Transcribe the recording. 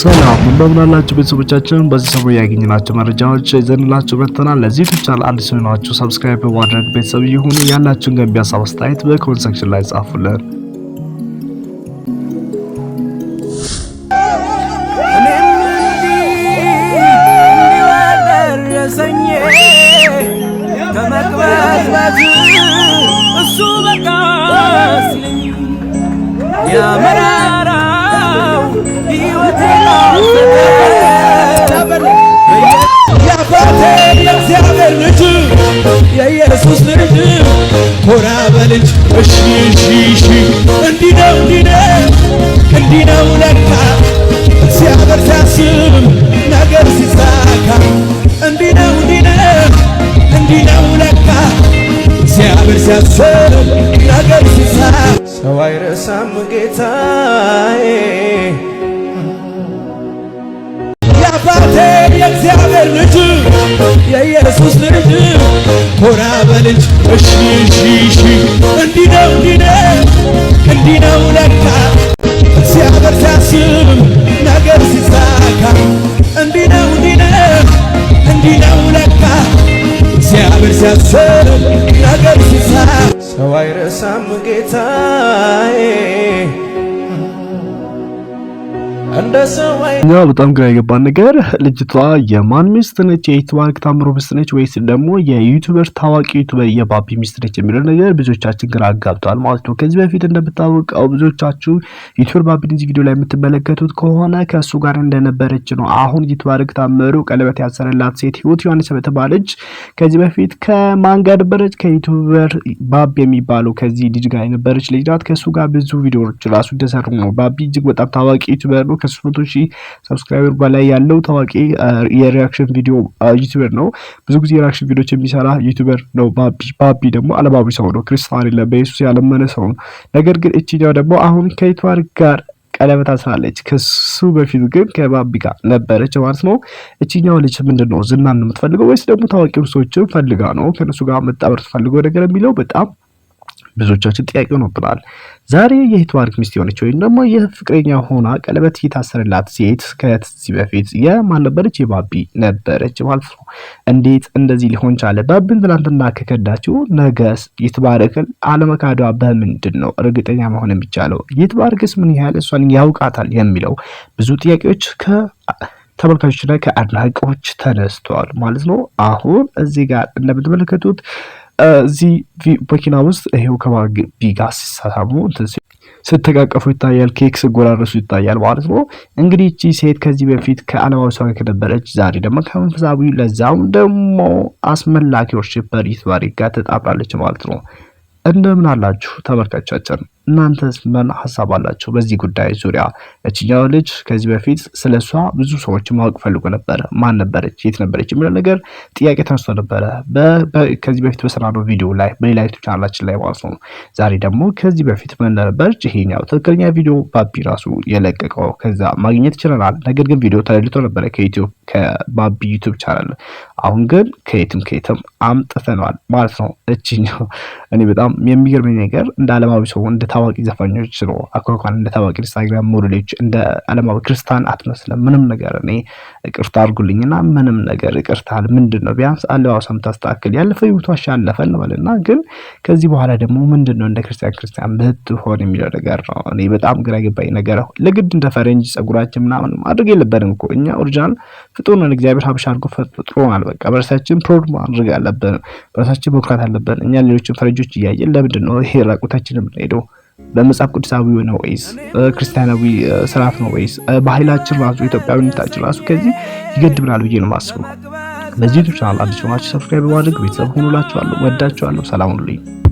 ሰላም እንደምናላችሁ ቤተሰቦቻችን፣ በዚህ ሰሞን ያገኘናቸው መረጃዎች ይዘንላችሁ መጥተናል። ለዚህ ቻናል አዲስ የሆናችሁ ሰብስክራይብ በማድረግ ቤተሰብ ይሁን ያላችሁን ገንቢ ሀሳብ አስተያየት በኮሜንት ሴክሽን ላይ ጻፉልን። እሱ በቃ የአባቴ የእግዚአብሔር ልጅ የኢየሱስ ልጅ ኮራ በልጅ እሺ እሺ እሺ እንዲህ ነው እንዲህ ነው እንዲህ ነው ለካ እግዚአብሔር ሲያስብ ነገር ሲሳካ እንዲህ ነው እንዲህ ነው እንዲህ ነው ለካ እግዚአብሔር ሲያስብ ነገር ሲሳካ ሰው አይረሳም ጌታዬ የአባቴ የእግዚአብሔር ልጅ የኢየሱስ ልጅ ኮራ በልጅ እሺ እሺ እሺ እንዲህ ነው እንዲህ ነው እንዲህ ነው ለካ እግዚአብሔር ሲያስብ ነገር ሲሳካ እንዲህ ነው እንዲህ ነው እንዲህ ነው ለካ እግዚአብሔር ሲያስብ ነገር ሲሳካ ሰው አይረሳም ጌታ ያው በጣም ግራ የገባን ነገር ልጅቷ የማን ሚስት ነች? የኢትባርክ ታምሮ ሚስት ነች ወይስ ደግሞ የዩቲዩበር ታዋቂ ዩቲዩበር የባቢ ሚስት ነች የሚለው ነገር ብዙዎቻችን ግራ አጋብቷል ማለት ነው። ከዚህ በፊት እንደምታወቀው ብዙዎቻችሁ ዩቲዩበር ባቢ እዚህ ቪዲዮ ላይ የምትመለከቱት ከሆነ ከእሱ ጋር እንደነበረች ነው። አሁን ኢትባርክ ታምሮ ቀለበት ያሰረላት ሴት ህይወት ዮሐንስ በተባለች ከዚህ በፊት ከማን ጋር ነበረች? ከዩቲዩበር ባቢ የሚባለው ከዚህ ልጅ ጋር የነበረች ልጅ ናት። ከእሱ ጋር ብዙ ቪዲዮዎች ራሱ እንደሰሩ ነው። ባቢ እጅግ በጣም ታዋቂ ዩቲዩበር ነው። ከሶስት መቶ ሺህ ሰብስክራይበር በላይ ያለው ታዋቂ የሪያክሽን ቪዲዮ ዩቱበር ነው። ብዙ ጊዜ የሪያክሽን ቪዲዮች የሚሰራ ዩቱበር ነው። ባቢ ባቢ ደግሞ አለባቢ ሰው ነው። ክርስቲያን የለም በኢየሱስ ያለመነ ሰው ነው። ነገር ግን እችኛው ደግሞ አሁን ከኢትዋር ጋር ቀለበት አስራለች። ከሱ በፊት ግን ከባቢ ጋር ነበረች ማለት ነው። እችኛው ልጅ ምንድን ነው ዝናን የምትፈልገው ወይስ ደግሞ ታዋቂ ሰዎችን ፈልጋ ነው ከነሱ ጋር መጣበር ትፈልገው ነገር የሚለው በጣም ብዙዎቻችን ጥያቄ ሆኖብናል። ዛሬ የሂትማርክ ሚስት የሆነች ወይም ደግሞ የፍቅረኛ ሆና ቀለበት የታሰረላት ሴት ከዚህ በፊት የማን ነበረች? የባቢ ነበረች ማለት ነው። እንዴት እንደዚህ ሊሆን ቻለ? ባቢን ትናንትና ከከዳችው ነገስ ይትባርክን አለመካዷ በምንድን ነው እርግጠኛ መሆን የሚቻለው? ይትባርክስ ምን ያህል እሷን ያውቃታል የሚለው ብዙ ጥያቄዎች ከ ተመልካቾች ላይ ከአድናቂዎች ተነስተዋል ማለት ነው። አሁን እዚህ ጋር እንደምትመለከቱት እዚህ መኪና ውስጥ ይሄው ከማግቢ ጋር ሲሳሳሙ ስትቃቀፉ ይታያል። ኬክ ስጎራረሱ ይታያል ማለት ነው። እንግዲህ እቺ ሴት ከዚህ በፊት ከአለማዊ ሰው ከነበረች ዛሬ ደግሞ ከመንፈሳዊ ለዛም ደግሞ አስመላኪዎች ሽበር ባሪ ጋር ተጣብራለች ማለት ነው። እንደምን አላችሁ ተመልካቾቻችን፣ እናንተስ ምን ሀሳብ አላችሁ በዚህ ጉዳይ ዙሪያ? እችኛው ልጅ ከዚህ በፊት ስለ እሷ ብዙ ሰዎች ማወቅ ፈልጎ ነበር። ማን ነበረች፣ የት ነበረች የሚለው ነገር ጥያቄ ተነስቶ ነበረ ከዚህ በፊት በሰራነው ቪዲዮ ላይ በሌላ ዩቱብ ቻናላችን ላይ ማለት ነው። ዛሬ ደግሞ ከዚህ በፊት ምን ነበረች፣ ይሄኛው ትክክለኛ ቪዲዮ ባቢ ራሱ የለቀቀው ከዛ ማግኘት ይችለናል። ነገር ግን ቪዲዮ ተለልቶ ነበረ ከዩቱብ ከባቢ ዩቱብ ቻናል። አሁን ግን ከየትም ከየትም አምጥተነዋል ማለት ነው። እችኛው እኔ በጣም የሚገርመኝ ነገር እንደ አለማዊ ሰው እንደ ታዋቂ ዘፋኞች ነው አኳኳን እንደ ታዋቂ ኢንስታግራም ሞዴሎች እንደ አለማዊ ክርስታን አትመስለም። ምንም ነገር እኔ ይቅርታ አድርጉልኝና ምንም ነገር ይቅርታል ምንድን ነው ቢያንስ አለባበሷም ታስተካክል። ያለፈው ህይወቷ አለፈን በልና ግን ከዚህ በኋላ ደግሞ ምንድን ነው እንደ ክርስቲያን ክርስቲያን ብትሆን የሚለው ነገር ነው። እኔ በጣም ግራ ገባኝ ነገር ለግድ እንደ ፈረንጅ ጸጉራችን ምናምን ማድረግ የለበትም እኮ እኛ ኦሪጂናል ፍጡር ነን። እግዚአብሔር ሀብሻ አድርጎ ፈጥሮናል። በቃ በራሳችን ፕሮድ ማድረግ አለብን። በራሳችን መኩራት አለብን። እኛ ሌሎችን ፈረንጆች እያየ ለምንድን ነው ይሄ ራቁታችንም ሄዶ በመጽሐፍ ቅዱሳዊ ነው ወይስ ክርስቲያናዊ ስርዓት ነው ወይስ ባህላችን ራሱ ኢትዮጵያዊነታችን ራሱ ከዚህ ይገድብናል ብዬ ነው የማስበው። በዚህ ቻናል አዲስ ሆናችሁ ሰብስክራይብ በማድረግ ቤተሰብ ሆኑላችኋለሁ። ወዳችኋለሁ። ሰላም ሁኑልኝ።